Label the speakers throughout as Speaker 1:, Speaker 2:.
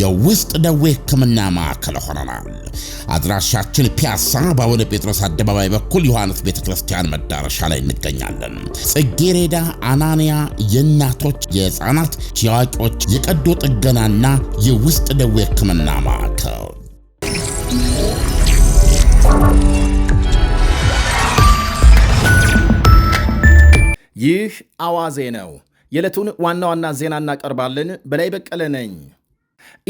Speaker 1: የውስጥ ደዌ ሕክምና ማዕከል ሆነናል። አድራሻችን ፒያሳ በአቡነ ጴጥሮስ አደባባይ በኩል ዮሐንስ ቤተ ክርስቲያን መዳረሻ ላይ እንገኛለን። ጽጌሬዳ፣ አናንያ የእናቶች የህፃናት፣ የአዋቂዎች የቀዶ ጥገናና የውስጥ ደዌ ሕክምና ማዕከል
Speaker 2: ይህ አዋዜ ነው። የዕለቱን ዋና ዋና ዜና እናቀርባለን። በላይ በቀለ ነኝ።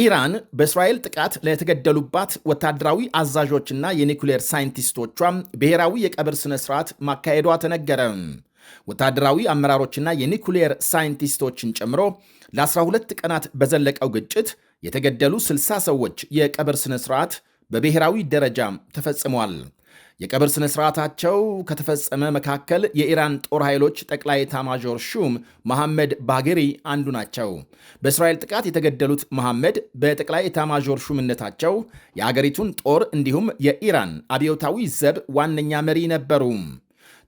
Speaker 2: ኢራን በእስራኤል ጥቃት ለተገደሉባት ወታደራዊ አዛዦችና የኒኩሌር ሳይንቲስቶቿ ብሔራዊ የቀብር ስነ ስርዓት ማካሄዷ ተነገረ። ወታደራዊ አመራሮችና የኒኩሌር ሳይንቲስቶችን ጨምሮ ለ12 ቀናት በዘለቀው ግጭት የተገደሉ 60 ሰዎች የቀብር ስነ ስርዓት በብሔራዊ ደረጃ ተፈጽሟል። የቀብር ስነ ስርዓታቸው ከተፈጸመ መካከል የኢራን ጦር ኃይሎች ጠቅላይ ታማዦር ሹም መሐመድ ባጌሪ አንዱ ናቸው። በእስራኤል ጥቃት የተገደሉት መሐመድ በጠቅላይ ታማዦር ሹምነታቸው የአገሪቱን ጦር እንዲሁም የኢራን አብዮታዊ ዘብ ዋነኛ መሪ ነበሩ።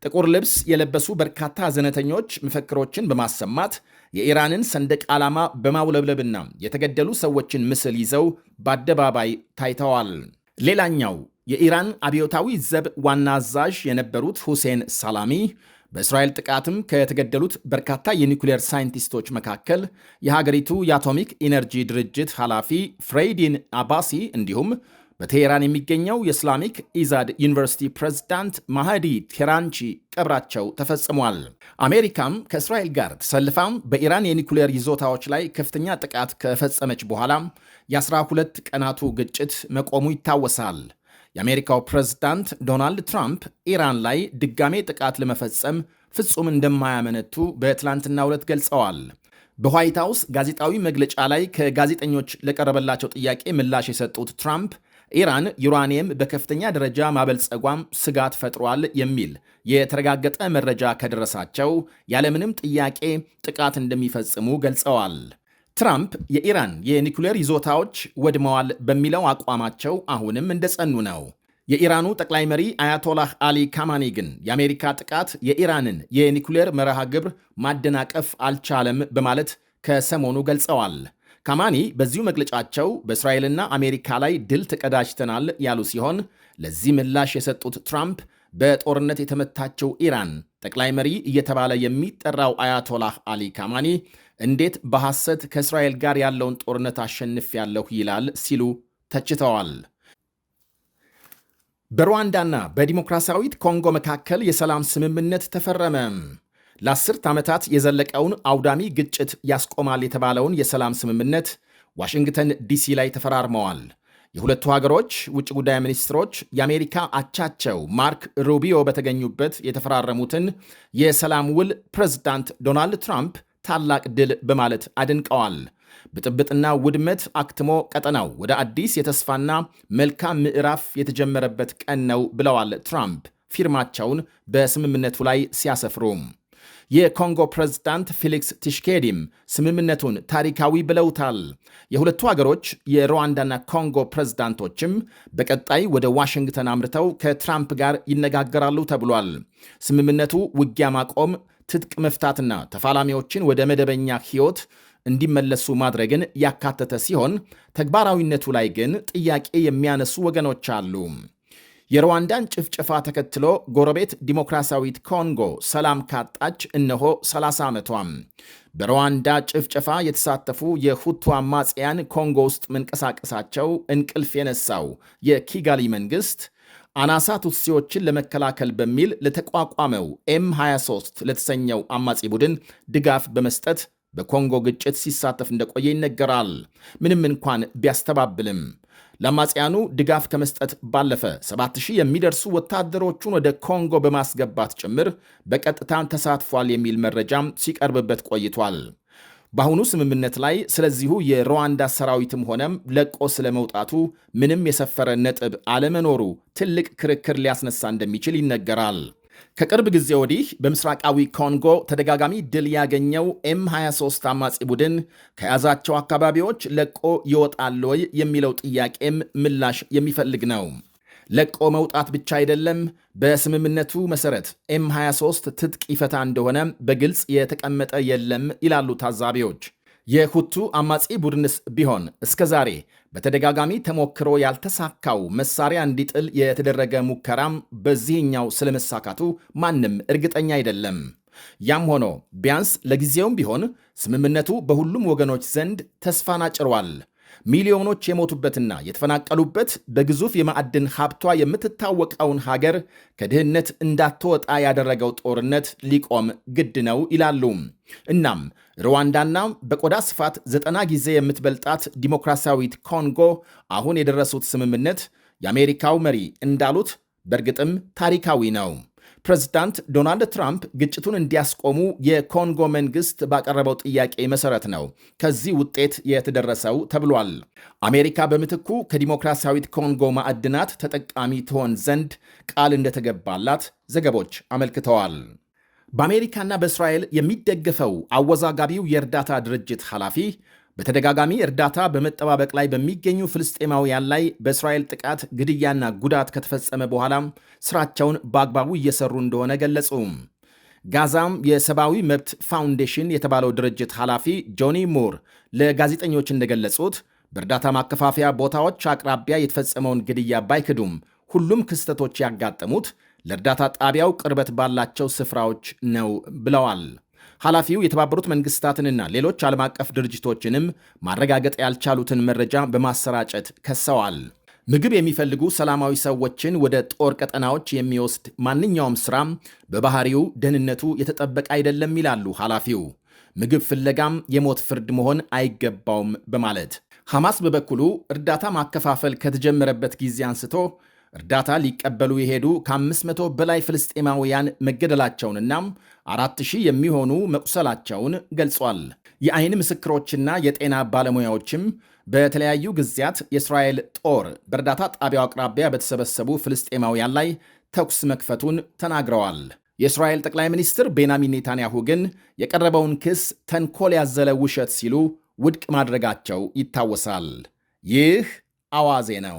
Speaker 2: ጥቁር ልብስ የለበሱ በርካታ ዘነተኞች መፈክሮችን በማሰማት የኢራንን ሰንደቅ ዓላማ በማውለብለብና የተገደሉ ሰዎችን ምስል ይዘው በአደባባይ ታይተዋል። ሌላኛው የኢራን አብዮታዊ ዘብ ዋና አዛዥ የነበሩት ሁሴን ሳላሚ በእስራኤል ጥቃትም ከተገደሉት በርካታ የኒውክሌር ሳይንቲስቶች መካከል የሀገሪቱ የአቶሚክ ኢነርጂ ድርጅት ኃላፊ ፍሬይዲን አባሲ እንዲሁም በቴሄራን የሚገኘው የእስላሚክ ኢዛድ ዩኒቨርሲቲ ፕሬዝዳንት ማሃዲ ቴራንቺ ቀብራቸው ተፈጽሟል። አሜሪካም ከእስራኤል ጋር ተሰልፋም በኢራን የኒኩሌር ይዞታዎች ላይ ከፍተኛ ጥቃት ከፈጸመች በኋላ የ12 ቀናቱ ግጭት መቆሙ ይታወሳል። የአሜሪካው ፕሬዝዳንት ዶናልድ ትራምፕ ኢራን ላይ ድጋሜ ጥቃት ለመፈጸም ፍጹም እንደማያመነቱ በትላንትናው ዕለት ገልጸዋል። በዋይት ሀውስ ጋዜጣዊ መግለጫ ላይ ከጋዜጠኞች ለቀረበላቸው ጥያቄ ምላሽ የሰጡት ትራምፕ ኢራን ዩራኒየም በከፍተኛ ደረጃ ማበልጸጓም ስጋት ፈጥሯል የሚል የተረጋገጠ መረጃ ከደረሳቸው ያለምንም ጥያቄ ጥቃት እንደሚፈጽሙ ገልጸዋል። ትራምፕ የኢራን የኒኩሌር ይዞታዎች ወድመዋል በሚለው አቋማቸው አሁንም እንደጸኑ ነው። የኢራኑ ጠቅላይ መሪ አያቶላህ አሊ ካማኒ ግን የአሜሪካ ጥቃት የኢራንን የኒኩሌር መርሃ ግብር ማደናቀፍ አልቻለም በማለት ከሰሞኑ ገልጸዋል። ካማኒ በዚሁ መግለጫቸው በእስራኤልና አሜሪካ ላይ ድል ተቀዳጅተናል ያሉ ሲሆን ለዚህ ምላሽ የሰጡት ትራምፕ በጦርነት የተመታቸው ኢራን ጠቅላይ መሪ እየተባለ የሚጠራው አያቶላህ አሊ ካማኒ እንዴት በሐሰት ከእስራኤል ጋር ያለውን ጦርነት አሸንፊያለሁ ይላል ሲሉ ተችተዋል። በሩዋንዳና በዲሞክራሲያዊት ኮንጎ መካከል የሰላም ስምምነት ተፈረመ። ለአስርት ዓመታት የዘለቀውን አውዳሚ ግጭት ያስቆማል የተባለውን የሰላም ስምምነት ዋሽንግተን ዲሲ ላይ ተፈራርመዋል። የሁለቱ ሀገሮች ውጭ ጉዳይ ሚኒስትሮች የአሜሪካ አቻቸው ማርክ ሩቢዮ በተገኙበት የተፈራረሙትን የሰላም ውል ፕሬዝዳንት ዶናልድ ትራምፕ ታላቅ ድል በማለት አድንቀዋል። ብጥብጥና ውድመት አክትሞ ቀጠናው ወደ አዲስ የተስፋና መልካም ምዕራፍ የተጀመረበት ቀን ነው ብለዋል ትራምፕ ፊርማቸውን በስምምነቱ ላይ ሲያሰፍሩም የኮንጎ ፕሬዝዳንት ፊሊክስ ቲሽኬዲም ስምምነቱን ታሪካዊ ብለውታል። የሁለቱ አገሮች የሩዋንዳና ኮንጎ ፕሬዝዳንቶችም በቀጣይ ወደ ዋሽንግተን አምርተው ከትራምፕ ጋር ይነጋገራሉ ተብሏል። ስምምነቱ ውጊያ ማቆም፣ ትጥቅ መፍታትና ተፋላሚዎችን ወደ መደበኛ ሕይወት እንዲመለሱ ማድረግን ያካተተ ሲሆን ተግባራዊነቱ ላይ ግን ጥያቄ የሚያነሱ ወገኖች አሉ። የሩዋንዳን ጭፍጨፋ ተከትሎ ጎረቤት ዲሞክራሲያዊት ኮንጎ ሰላም ካጣች እነሆ 30 ዓመቷም። በሩዋንዳ ጭፍጨፋ የተሳተፉ የሁቱ አማጽያን ኮንጎ ውስጥ መንቀሳቀሳቸው እንቅልፍ የነሳው የኪጋሊ መንግሥት አናሳ ቱትሲዎችን ለመከላከል በሚል ለተቋቋመው ኤም 23 ለተሰኘው አማጺ ቡድን ድጋፍ በመስጠት በኮንጎ ግጭት ሲሳተፍ እንደቆየ ይነገራል፣ ምንም እንኳን ቢያስተባብልም። ለአማጽያኑ ድጋፍ ከመስጠት ባለፈ 7000 የሚደርሱ ወታደሮቹን ወደ ኮንጎ በማስገባት ጭምር በቀጥታ ተሳትፏል የሚል መረጃም ሲቀርብበት ቆይቷል። በአሁኑ ስምምነት ላይ ስለዚሁ የሩዋንዳ ሰራዊትም ሆነም ለቆ ስለመውጣቱ ምንም የሰፈረ ነጥብ አለመኖሩ ትልቅ ክርክር ሊያስነሳ እንደሚችል ይነገራል። ከቅርብ ጊዜ ወዲህ በምስራቃዊ ኮንጎ ተደጋጋሚ ድል ያገኘው ኤም 23 አማጺ ቡድን ከያዛቸው አካባቢዎች ለቆ ይወጣል ወይ የሚለው ጥያቄም ምላሽ የሚፈልግ ነው። ለቆ መውጣት ብቻ አይደለም፣ በስምምነቱ መሰረት ኤም 23 ትጥቅ ይፈታ እንደሆነ በግልጽ የተቀመጠ የለም ይላሉ ታዛቢዎች። የሁቱ አማጺ ቡድንስ ቢሆን እስከ ዛሬ በተደጋጋሚ ተሞክሮ ያልተሳካው መሳሪያ እንዲጥል የተደረገ ሙከራም በዚህኛው ስለመሳካቱ ማንም እርግጠኛ አይደለም። ያም ሆኖ ቢያንስ ለጊዜውም ቢሆን ስምምነቱ በሁሉም ወገኖች ዘንድ ተስፋን አጭሯል። ሚሊዮኖች የሞቱበትና የተፈናቀሉበት በግዙፍ የማዕድን ሀብቷ የምትታወቀውን ሀገር ከድህነት እንዳትወጣ ያደረገው ጦርነት ሊቆም ግድ ነው ይላሉ። እናም ሩዋንዳና በቆዳ ስፋት ዘጠና ጊዜ የምትበልጣት ዲሞክራሲያዊት ኮንጎ አሁን የደረሱት ስምምነት የአሜሪካው መሪ እንዳሉት በእርግጥም ታሪካዊ ነው። ፕሬዚዳንት ዶናልድ ትራምፕ ግጭቱን እንዲያስቆሙ የኮንጎ መንግስት ባቀረበው ጥያቄ መሰረት ነው ከዚህ ውጤት የተደረሰው ተብሏል። አሜሪካ በምትኩ ከዲሞክራሲያዊት ኮንጎ ማዕድናት ተጠቃሚ ትሆን ዘንድ ቃል እንደተገባላት ዘገቦች አመልክተዋል። በአሜሪካና በእስራኤል የሚደገፈው አወዛጋቢው የእርዳታ ድርጅት ኃላፊ በተደጋጋሚ እርዳታ በመጠባበቅ ላይ በሚገኙ ፍልስጤማውያን ላይ በእስራኤል ጥቃት ግድያና ጉዳት ከተፈጸመ በኋላ ስራቸውን በአግባቡ እየሰሩ እንደሆነ ገለጹ። ጋዛም የሰብአዊ መብት ፋውንዴሽን የተባለው ድርጅት ኃላፊ ጆኒ ሙር ለጋዜጠኞች እንደገለጹት በእርዳታ ማከፋፈያ ቦታዎች አቅራቢያ የተፈጸመውን ግድያ ባይክዱም ሁሉም ክስተቶች ያጋጠሙት ለእርዳታ ጣቢያው ቅርበት ባላቸው ስፍራዎች ነው ብለዋል። ኃላፊው የተባበሩት መንግስታትንና ሌሎች ዓለም አቀፍ ድርጅቶችንም ማረጋገጥ ያልቻሉትን መረጃ በማሰራጨት ከሰዋል። ምግብ የሚፈልጉ ሰላማዊ ሰዎችን ወደ ጦር ቀጠናዎች የሚወስድ ማንኛውም ሥራም በባህሪው ደህንነቱ የተጠበቀ አይደለም ይላሉ ኃላፊው። ምግብ ፍለጋም የሞት ፍርድ መሆን አይገባውም በማለት ሐማስ በበኩሉ እርዳታ ማከፋፈል ከተጀመረበት ጊዜ አንስቶ እርዳታ ሊቀበሉ የሄዱ ከ500 በላይ ፍልስጤማውያን መገደላቸውንና 4000 የሚሆኑ መቁሰላቸውን ገልጿል። የአይን ምስክሮችና የጤና ባለሙያዎችም በተለያዩ ጊዜያት የእስራኤል ጦር በእርዳታ ጣቢያው አቅራቢያ በተሰበሰቡ ፍልስጤማውያን ላይ ተኩስ መክፈቱን ተናግረዋል። የእስራኤል ጠቅላይ ሚኒስትር ቤንያሚን ኔታንያሁ ግን የቀረበውን ክስ ተንኮል ያዘለ ውሸት ሲሉ ውድቅ ማድረጋቸው ይታወሳል። ይህ አዋዜ ነው።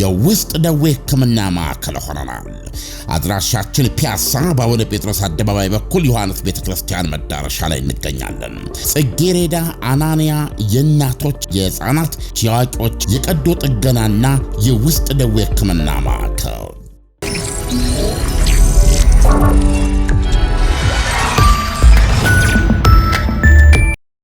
Speaker 1: የውስጥ ደዌ ሕክምና ማዕከል ሆነናል። አድራሻችን ፒያሳ በአቡነ ጴጥሮስ አደባባይ በኩል ዮሐንስ ቤተ ክርስቲያን መዳረሻ ላይ እንገኛለን። ጽጌሬዳ፣ አናንያ የእናቶች የሕፃናት፣ የአዋቂዎች የቀዶ ጥገናና የውስጥ ደዌ ሕክምና ማዕከል